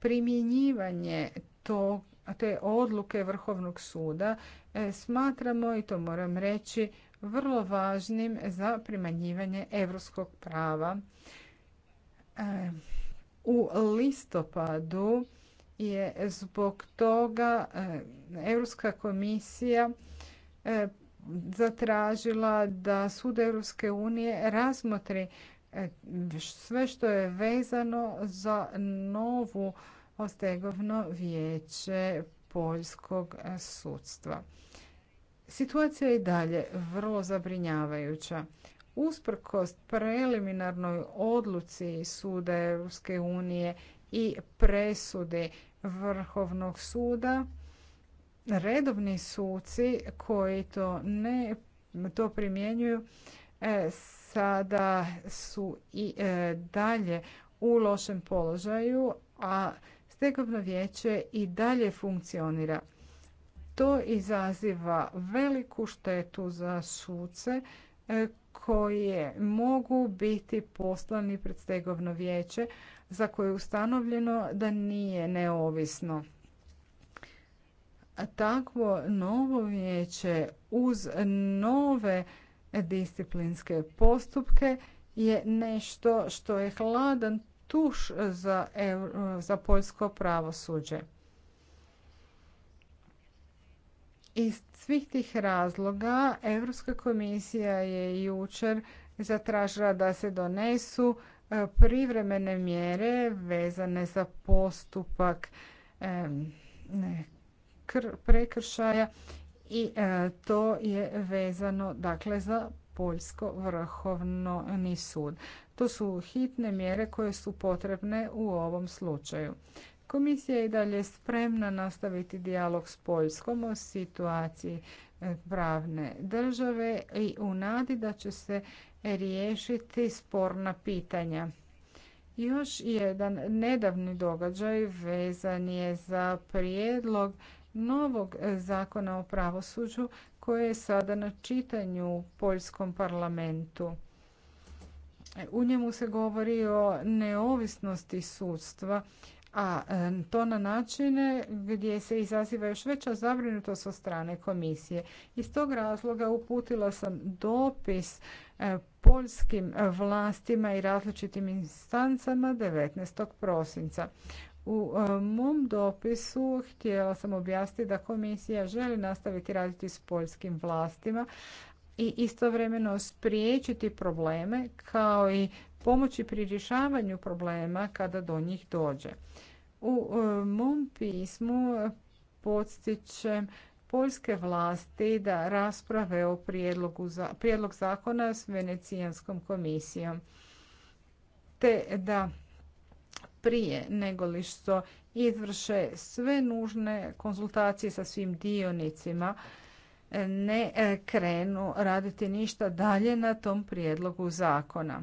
C: primjenjivanje tog te odluke Vrhovnog suda e, smatramo, i to moram reći, vrlo važnim za primanjivanje evropskog prava. E, u listopadu je zbog toga e, Europska komisija zatražila da Sud Evropske unije razmotri sve što je vezano za novu ostegovno vijeće poljskog sudstva. Situacija je i dalje vrlo zabrinjavajuća. Usprkos preliminarnoj odluci Suda Europske unije i presude Vrhovnog suda, redovni suci koji to ne to primjenjuju e, sada su i e, dalje u lošem položaju, a stegovno vijeće i dalje funkcionira. To izaziva veliku štetu za suce e, koje mogu biti poslani pred stegovno vijeće za koje je ustanovljeno da nije neovisno. Takvo novo vijeće uz nove disciplinske postupke je nešto što je hladan za, poljsko pravosuđe. Iz svih tih razloga Europska komisija je jučer zatražila da se donesu e, privremene mjere vezane za postupak prekršaja i e, to je vezano dakle za Poljsko vrhovni sud. To su hitne mjere koje su potrebne u ovom slučaju. Komisija je i dalje spremna nastaviti dijalog s Poljskom o situaciji e, pravne države i u nadi da će se riješiti sporna pitanja. Još jedan nedavni događaj vezan je za prijedlog novog zakona o pravosuđu koje je sada na čitanju u Poljskom parlamentu. U njemu se govori o neovisnosti sudstva, a e, to na načine gdje se izaziva još veća zabrinutost od strane komisije. Iz tog razloga uputila sam dopis e, poljskim vlastima i različitim instancama 19. prosinca. U e, mom dopisu htjela sam objasniti da komisija želi nastaviti raditi s poljskim vlastima i istovremeno spriječiti probleme kao i pomoći pri rješavanju problema kada do njih dođe. U e, mom pismu podstičem poljske vlasti da rasprave o prijedlogu prijedlog zakona s Venecijanskom komisijom te da prije nego li što izvrše sve nužne konzultacije sa svim dionicima ne e, krenu raditi ništa dalje na tom prijedlogu zakona.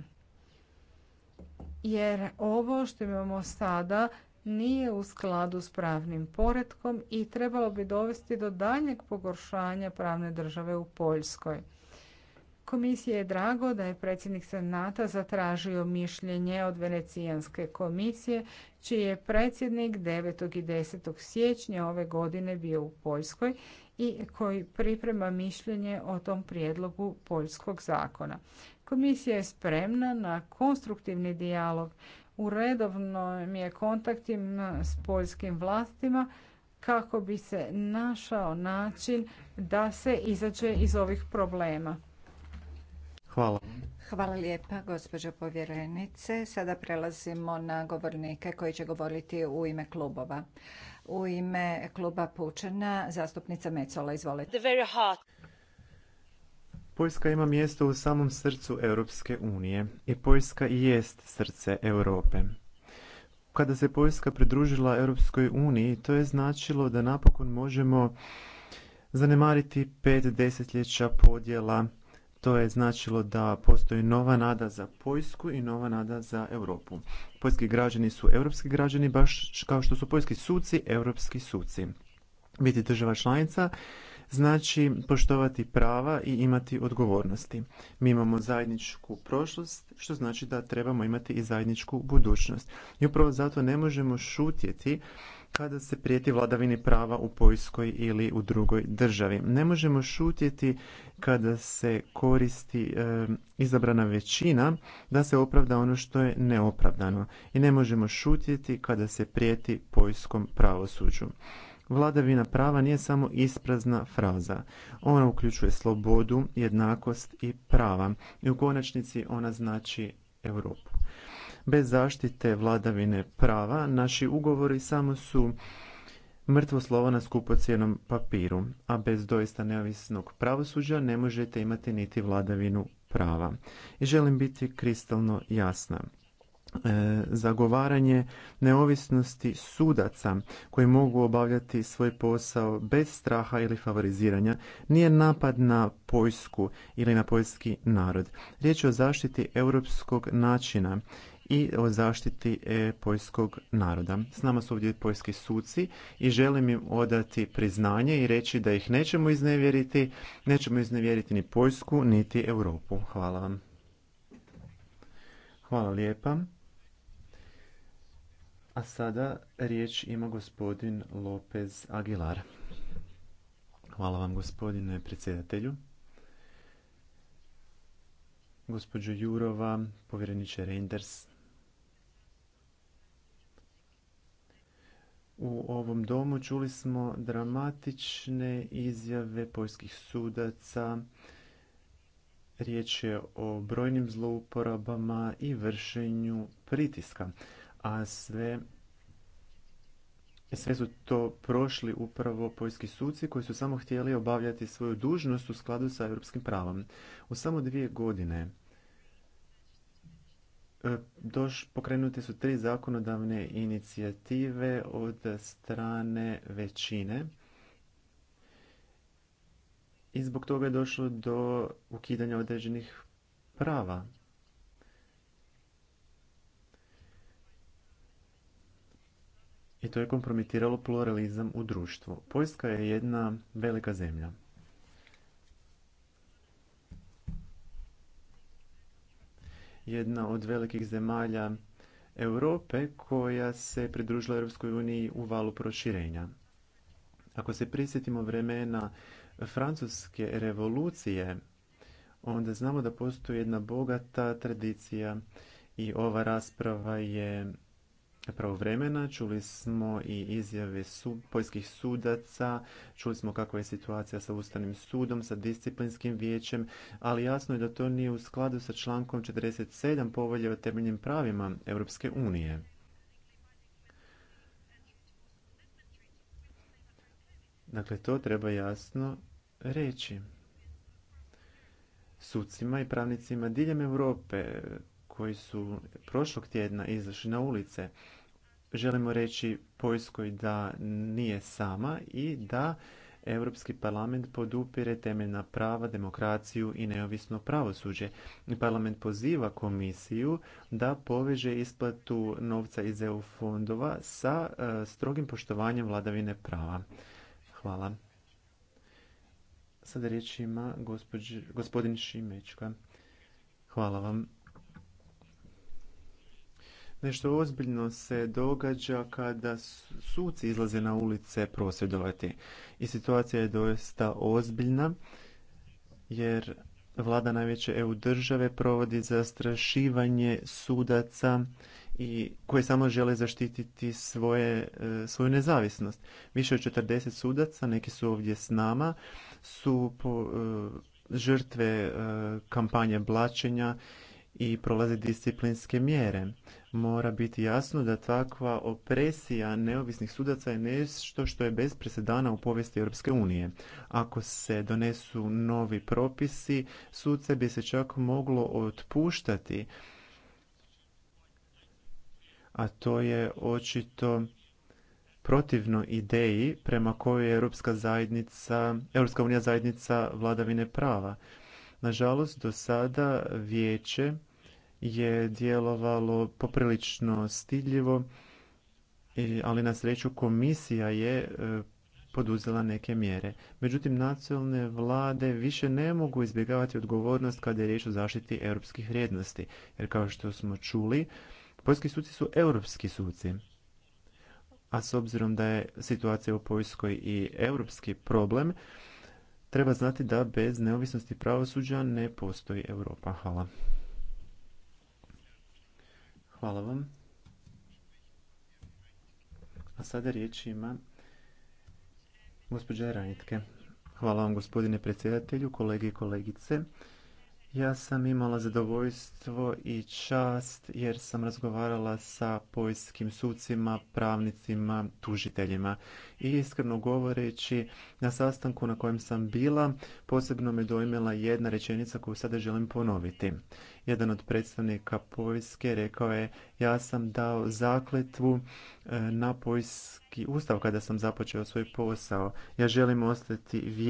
C: Jer ovo što imamo sada nije u skladu s pravnim poretkom i trebalo bi dovesti do daljnjeg pogoršanja pravne države u Poljskoj. Komisije je drago da je predsjednik Senata zatražio mišljenje od Venecijanske komisije, čiji je predsjednik 9. i 10. siječnja ove godine bio u Poljskoj i koji priprema mišljenje o tom prijedlogu poljskog zakona. Komisija je spremna na konstruktivni dijalog u redovnom je kontaktim s poljskim vlastima kako bi se našao način
B: da se izađe iz ovih problema. Hvala. Hvala lijepa, gospođo povjerenice. Sada prelazimo na govornike koji će govoriti u ime klubova. U ime kluba Pučana, zastupnica Mecola, izvolite.
A: Poljska ima mjesto u samom srcu Europske unije i Poljska i jest srce Europe. Kada se Poljska pridružila Europskoj uniji, to je značilo da napokon možemo zanemariti pet desetljeća podjela to je značilo da postoji nova nada za Poljsku i nova nada za Europu. Poljski građani su europski građani baš kao što su poljski suci europski suci. Biti država članica znači poštovati prava i imati odgovornosti. Mi imamo zajedničku prošlost, što znači da trebamo imati i zajedničku budućnost. I upravo zato ne možemo šutjeti kada se prijeti vladavini prava u Poljskoj ili u drugoj državi. Ne možemo šutjeti kada se koristi e, izabrana većina da se opravda ono što je neopravdano i ne možemo šutjeti kada se prijeti poljskom pravosuđu. Vladavina prava nije samo isprazna fraza. Ona uključuje slobodu, jednakost i prava i u konačnici ona znači Europu. Bez zaštite vladavine prava naši ugovori samo su mrtvo slovo na skupocijenom papiru, a bez doista neovisnog pravosuđa ne možete imati niti vladavinu prava. I želim biti kristalno jasna. E, zagovaranje neovisnosti sudaca koji mogu obavljati svoj posao bez straha ili favoriziranja nije napad na Poljsku ili na poljski narod. Riječ je o zaštiti europskog načina i o zaštiti e, poljskog naroda. S nama su ovdje poljski suci i želim im odati priznanje i reći da ih nećemo iznevjeriti, nećemo iznevjeriti ni Poljsku, niti Europu. Hvala vam. Hvala lijepa. A sada riječ ima gospodin Lopez Aguilar. Hvala vam gospodine predsjedatelju. Gospođo Jurova, povjereniče Reinders, u ovom domu čuli smo dramatične izjave poljskih sudaca. Riječ je o brojnim zlouporabama i vršenju pritiska, a sve sve su to prošli upravo poljski suci koji su samo htjeli obavljati svoju dužnost u skladu sa europskim pravom. U samo dvije godine Doš, pokrenuti su tri zakonodavne inicijative od strane većine i zbog toga je došlo do ukidanja određenih prava. I to je kompromitiralo pluralizam u društvu. Poljska je jedna velika zemlja. jedna od velikih zemalja Europe koja se pridružila Europskoj uniji u valu proširenja. Ako se prisjetimo vremena francuske revolucije, onda znamo da postoji jedna bogata tradicija i ova rasprava je pravovremena. Čuli smo i izjave su, poljskih sudaca, čuli smo kakva je situacija sa Ustavnim sudom, sa disciplinskim vijećem, ali jasno je da to nije u skladu sa člankom 47 povelje o temeljnim pravima Europske unije. Dakle, to treba jasno reći. Sucima i pravnicima diljem Europe koji su prošlog tjedna izašli na ulice. Želimo reći Poljskoj da nije sama i da Europski parlament podupire temeljna prava, demokraciju i neovisno pravosuđe. Parlament poziva komisiju da poveže isplatu novca iz EU fondova sa e, strogim poštovanjem vladavine prava. Hvala. Sada riječ ima gospodin Šimečka. Hvala vam. Nešto ozbiljno se događa kada suci izlaze na ulice prosvjedovati. I situacija je doista ozbiljna jer vlada najveće EU države provodi zastrašivanje sudaca i koje samo žele zaštititi svoje, e, svoju nezavisnost. Više od 40 sudaca, neki su ovdje s nama, su e, žrtve e, kampanje blačenja i prolaze disciplinske mjere mora biti jasno da takva opresija neovisnih sudaca je nešto što je bez presedana u povijesti Europske unije. Ako se donesu novi propisi, suce bi se čak moglo otpuštati, a to je očito protivno ideji prema kojoj je Europska zajednica, Europska unija zajednica vladavine prava. Nažalost, do sada vijeće je djelovalo poprilično stidljivo, ali na sreću komisija je e, poduzela neke mjere. Međutim, nacionalne vlade više ne mogu izbjegavati odgovornost kada je riječ o zaštiti europskih vrijednosti. Jer kao što smo čuli, poljski suci su europski suci. A s obzirom da je situacija u Poljskoj i europski problem, treba znati da bez neovisnosti pravosuđa ne postoji Europa. Hvala. Hvala vam. A sada riječ ima gospođa Ranitke. Hvala vam gospodine predsjedatelju, kolege i kolegice. Ja sam imala zadovoljstvo i čast jer sam razgovarala sa poljskim sucima, pravnicima, tužiteljima. I iskreno govoreći, na sastanku na kojem sam bila, posebno me dojmila jedna rečenica koju sada želim ponoviti. Jedan od predstavnika Poljske rekao je, ja sam dao zakletvu e, na poljski ustav kada sam započeo svoj posao. Ja želim ostati vjerni